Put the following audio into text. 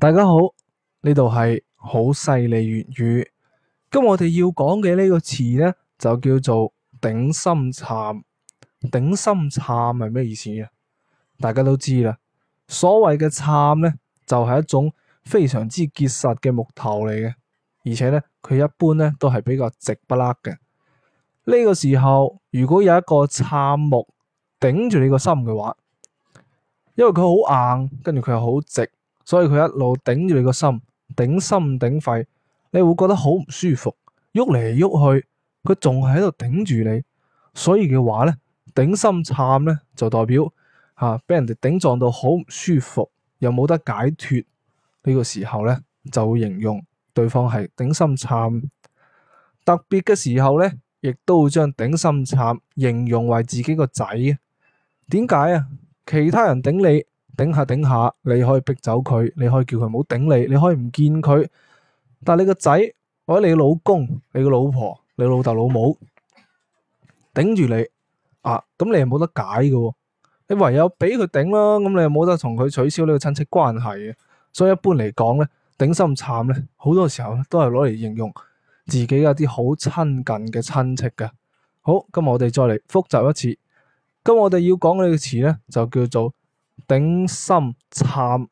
大家好，呢度係猴塞雷粵語。今我哋要講嘅呢個詞呢，就叫做頂心杉。頂心杉係咩意思啊？大家都知啦。所謂嘅杉呢，就係、是、一種非常之結實嘅木頭嚟嘅，而且呢，佢一般呢都係比較直不甩嘅。呢、這個時候，如果有一個杉木頂住你個心嘅話，因為佢好硬，跟住佢又好直。所以佢一路頂住你個心，頂心頂肺，你會覺得好唔舒服，喐嚟喐去，佢仲係喺度頂住你。所以嘅話咧，頂心杉咧就代表吓俾、啊、人哋頂撞到好唔舒服，又冇得解脫呢、這個時候咧，就會形容對方係頂心杉。特別嘅時候咧，亦都會將頂心杉形容為自己個仔。點解啊？其他人頂你。頂下頂下，頂著頂著你可以逼走佢，你可以叫佢唔好頂你，你可以唔見佢，但係你個仔或者你老公、你個老婆、你老豆老母頂住你啊，咁你又冇得解嘅，你唯有俾佢頂啦。咁你又冇得同佢取消呢個親戚關係嘅，所以一般嚟講咧，頂心杉咧，好多時候都係攞嚟形容自己一啲好親近嘅親戚嘅。好，今日我哋再嚟復習一次，咁我哋要講嘅呢個詞咧就叫做。頂心杉。